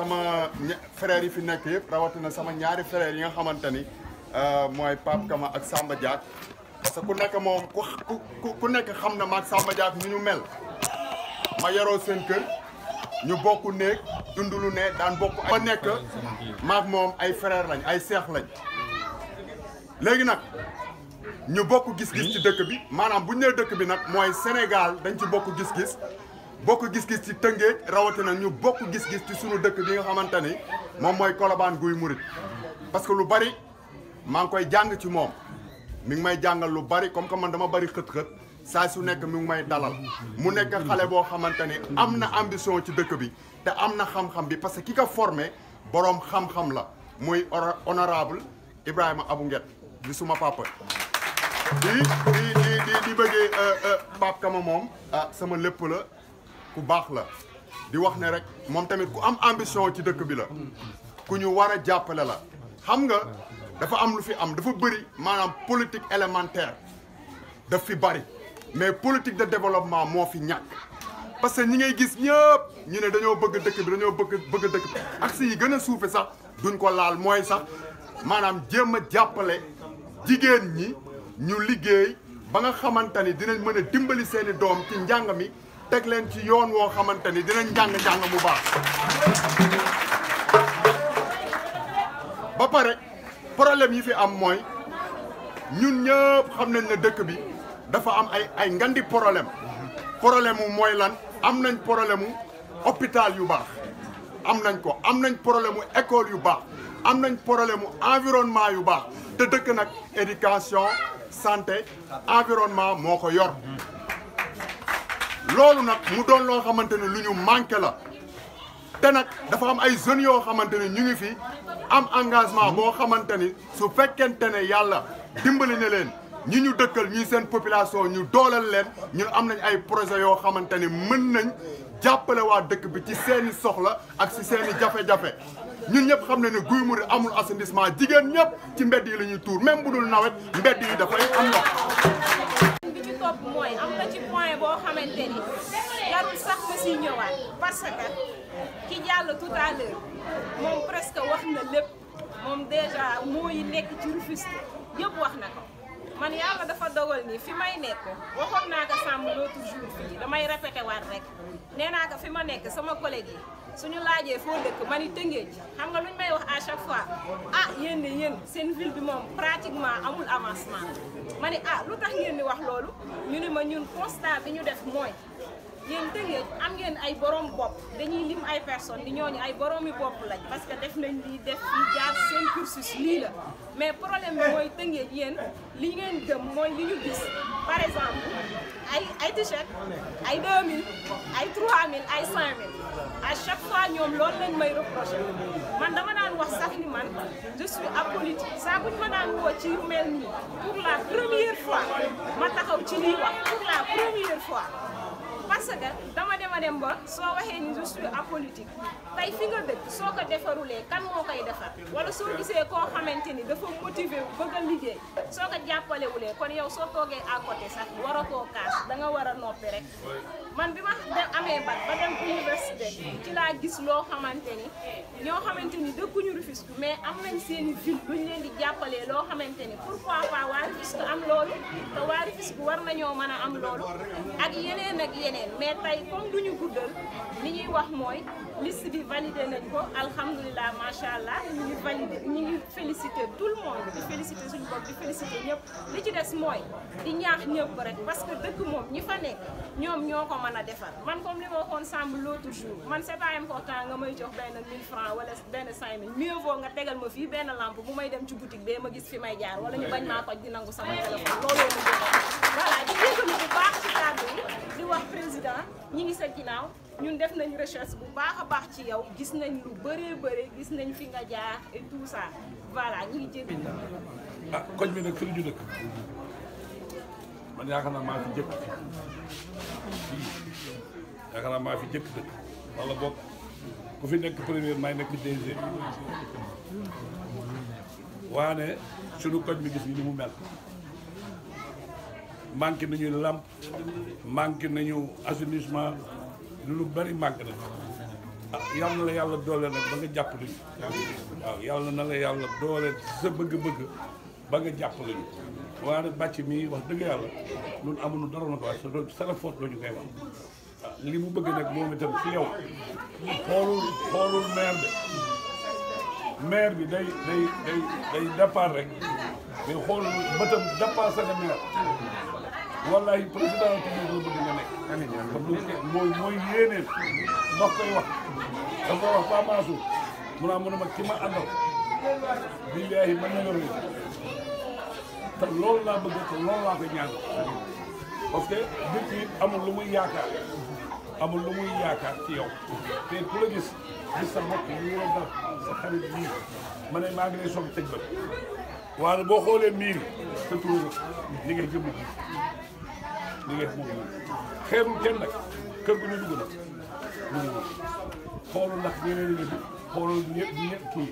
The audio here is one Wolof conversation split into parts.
sama frère yi fi nekk yëpp rawatina sama ñaari frère yi nga xamante ni euh, mooy Pape Kama ak Samba Diak parce que ku nekk moom ku ku nekk xam na maag Samba Diak ñu mel ma yaroo seen kër ñu bokk néeg dund lu ne daan bokk ma nekk maag moom ay frère lañ ay seex lañ léegi nag ñu bokk gis-gis ci dëkk bi maanaam bu ñu nee dëkk bi nag mooy Sénégal dañ ci bokk gis-gis bokk gis-gis ci Tëngéej rawatina ñu bokk gis-gis ci sunu dëkk bi nga xamante ni moom mooy Colobane Guy Mouride parce que lu bari maa ngi koy jàng ci moom mi ngi may jàngal lu bari comme que man dama bari xët-xët saa su nekk mi ngi may dalal mu nekk xale boo xamante ambition ci dëkk bi te am xam-xam bi parce que ki formé boroom xam-xam la honorable Ibrahima Abou Nguet di suma papa di di di di bëggee euh, euh, Pape Kama moom ah sama la ku baax la di wax ne rek moom tamit ku am ambition ci dëkk bi la ku ñu war a jàppale la xam nga dafa am lu fi am dafa bëri maanaam politique élémentaire daf fi bëri mais politique de développement moo fi ñàkk parce que ñi ngay gis ñëpp ñu ne dañoo bëgg dëkk bi dañoo bëgg bëgg dëkk bi axe yi gën a suufe sax duñ ko laal mooy sax maanaam jéem a jàppale jigéen ñi ñu liggéey ba nga xamante ni dinañ mën a dimbali seeni doom ci njàng mi teg leen ci yoon woo xamante ni dinañ jàng-jàng bu baax ba pare problème yi fi am mooy ñun ñëpp xam nañ ne dëkk bi dafa am ay ay ngandi problème problème mu mooy lan am nañ problème mu hôpital yu baax am nañ ko am nañ problème mu école yu baax am nañ problème mu environnement yu baax te dëkk nag éducation santé environnement moo ko yor loolu nag mu doon loo xamante ne lu ñu manqué la te nag dafa am ay jeunes yoo xamante ne ñu ngi fi am engagement boo xamante ni su fekkente ne yàlla dimbali na leen ñi ñu dëkkal ñi seen population ñu dooleel leen ñun am nañ ay projet yoo xamante ni mën nañ jàppale waa dëkk bi ci seeni soxla ak ci seeni jafe-jafe ñun ñëpp xam ne ne Guy Marius amul assainissement jigéen ñëpp ci mbedd yi la ñuy tuur même bu dul nawet mbedd yi dafay am ndox bopp mooy am na ci point boo xamante ni jarul sax ma si ñëwaat parce que ki jàll tout à l'heure moom presque wax na lépp moom déjà moo yi nekk ci Rufisque yëpp wax na ko man yàlla dafa dogal ni fi may nekk waxoon naa ko sàmm l'autre jour fii damay répété waat rek nee naa ko fi ma nekk sama collègue yi suñu laajee foo dëkk ma ni Tëngéej xam nga luñ may wax à chaque fois ah yéen ville bi mom pratiquement amul avancement mané ah lutax tax ngeen wax lolu ñu ni ma ñun constant bi ñu def moy yeen Tëngéej am ngeen ay borom bop dañuy lim ay personne di ñooñu ay boroomi bop lañ parce que def nañ li def fii jaar sen cursus li la mais problème moy mooy yeen li ngeen dem moy li ñu gis par exemple ay ay t-shirt ay 2000 ay 3000 ay 5000 à chaque fois ñom lool lañ may reprocher man dama naan wax sax ni man je suis apolitique ça buñ ma daan woo ci yu mel ni pour la première fois ma taxaw ci li wax pour la première fois parce que dama dina dem ba soo waxee ni je suis apolitique fi nga dëkk soo ko defarulee kan moo koy defar wala soo gisee koo xamante ni dafa motivé wu bëgg a liggéey soo ko jàppalewulee kon yow soo toogee à côté sax war a koo kaas da nga war a noppi rek man bi ma amee bac ba dem université ci laa gis loo xamante ni ñoo xamante ni dëkkuñu Rufisque mais am nañ seen i ville luñ leen di jàppalee loo xamante ni pourquoi pas waa Rufisque am loolu te waa Rufisque war nañoo mën a am loolu ak yeneen ak yeneen mais ñu liste bi validé nañ ko alhamdoulillah félicité tout le monde di félicité suñu bop di félicité ñëpp li ci dess moy di ñaax ñëpp rek parce que dëkk que ñi fa ñom ñoko mëna défar man comme li ma l'autre jour man c'est pas important nga may jox ben 1000 francs wala 5000 mieux vaut nga tégal ma fi lampe bu may dem ci boutique dans ma gis fi may jaar wala ñu bañ ma ko di sama téléphone voilà di bu baax ci wax président ñi ngi sa ginnaaw ñun def nañ recherche bu baax a baax ci yow gis nañ lu bëree bëri gis nañ fi nga jaar et tout ça voilà ñu ngi jéggi. ah koñ bi nag fi ñu dëkk man yaakaar naa maa fi jëkk yaakaar naa maa fi jëkk dëkk wala boog ku fi nekk premier may nekk deuxième waane sunu koñ bi gis ni ni mu mel. manqué nañu làmp manqué nañu assainissement lu bari manqué na ah yal na la yàlla doole nag ba nga jàpp lañu waaw yàlla na la yàlla doole sa bëgg-bëgg ba nga jàpp lañu waaye nag bàcc mi wax dëgg yàlla ñun amuñu dara na ko wax sa la faute la ñu koy wax ah, li mu bëgg nag moom itam ci yow xoolul xoolul maire bi maire bi day day day day départ rek mais xoolul bëtam dépassé na maire wallaay président toujours bëgg nga nekk. amiin mooy mooy yéeneen ndox koy wax da wax Paa Mansour mu naa mën a mag ki ma àndal billaahi mën na yor te loolu laa bëgg te loolu laa koy ñaan parce que nit lu muy yaakaar amul lu muy yaakaar ci yow te ku la gis gis sa mbokk yi sa xarit yi ma ne maa ngi lay soog tëj وأنا بقول مين تطلب نيجي نجيب نيجي نجيب خير مكانك كم كنا نقول لك خالو لك مين اللي خالو نيت نيت كي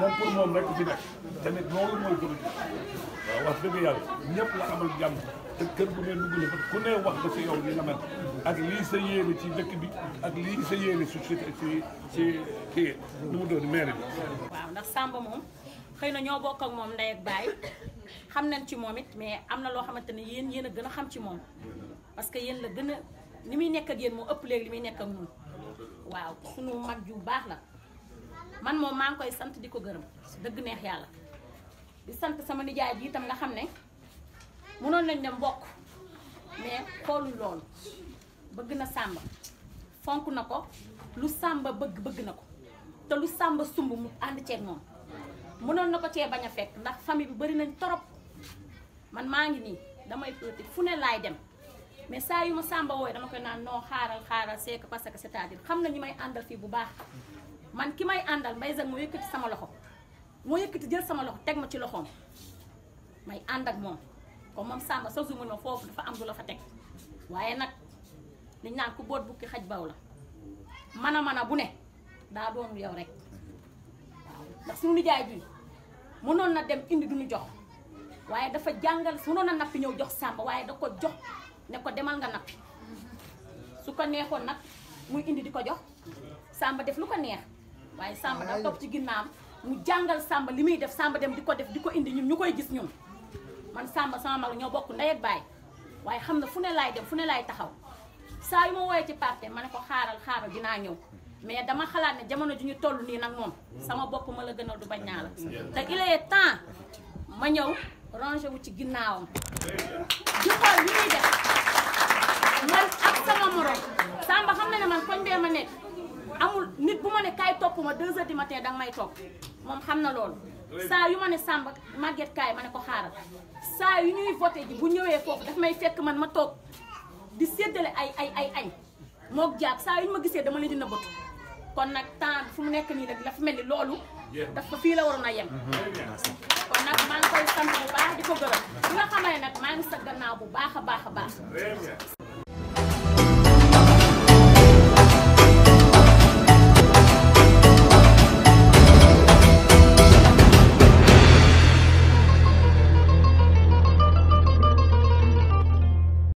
ما كل ما نك في نك تمت نور ما يقول لك واسمع يا نيب لا عمل جام كم كنا نقول لك كنا وقت في يوم لنا من أكلي سيئة بتشي ذكي بي أكلي سيئة بتشي سيئة كي نقول مين اللي نقول لك xëy na ñoo bokk ak moom ndey ak baay xam nañ ci moom it mais am na loo xamante ne yéen yéen a gën a xam ci moom parce que yéen la gën a ni muy nekk ak yéen moo ëpp léegi li muy nekk ak ñun waaw suñu mag ju baax la man moom maa ngi koy sant di ko gërëm dëgg neex yàlla di sant sama nijaay bi itam nga xam ne mënoon nañ dem bokk mais xoolul loolu bëgg na Samba fonk na ko lu sàmba bëgg bëgg na ko te lu Samba sumb mu ànd ceeg moom mënoon na ko cee bañ a fekk ndax famille bi bëri nañ torop man maa ngi nii damay petit fu ne laay dem mais saa yu ma sàmba wooy dama koy naan non xaaral xaaral c'est que parce que cest à xam na ñi may àndal fii bu baax man ki may àndal mbay sax moo yëkkati sama loxo moo yëkkati jël sama loxo teg ma ci loxoom may ànd ak moom comme moom sàmba sa sumun foofu dafa am du la fa teg waaye nag liñ naan ku boot bukki xaj baw la man a man a bu ne daa doon yow rek ndax suñu nijaay ji mënoon na dem indi duñu jox waaye dafa jàngal mënoon na nappi ñëw jox sàmba waaye da ko jox ne ko demal nga nappi su ko neexoon nag muy indi di ko jox Samba def lu ko neex waaye Samba da topp ci ginnaam mu jàngal Samba li muy def Samba dem di ko def di ko indi ñun ñu koy gis ñun man Samba sama mag ñoo bokk ndey ak baay waaye xam na fu ne laay dem fu ne laay taxaw saa yu ma wooyee ci parte ma ne ko xaaral xaaral dinaa ñëw mais dama xalaat ne jamono ju ñu toll nii nag moom sama bopp ma la gënal du bañ naa la te il est temps ma ñëw rangé wu ci ginnaawam di xool li ñuy def man ak sama morom Samba xam na ne man koñ bee ma nekk amul nit bu ma ne kaay topp ma deux heures du matin danga may topp moom xam na loolu saa yu ma ne Samba màgget kaay ma ne ko xaaral saa yu ñuy voté ji bu ñëwee foofu daf may fekk man ma toog di séddale ay ay ay añ mook jaab saa yu ñu ma gisee dama leen di nëbbatu kon nag temps fu mu nekk nii nag dafa mel ni loolu dafa fii la waroon a yem mhm. kon nag maa ngi koy sant bu baax di ko gërëm bi nga xamane nag maa ngi sa gannaaw bu baax a baax a baax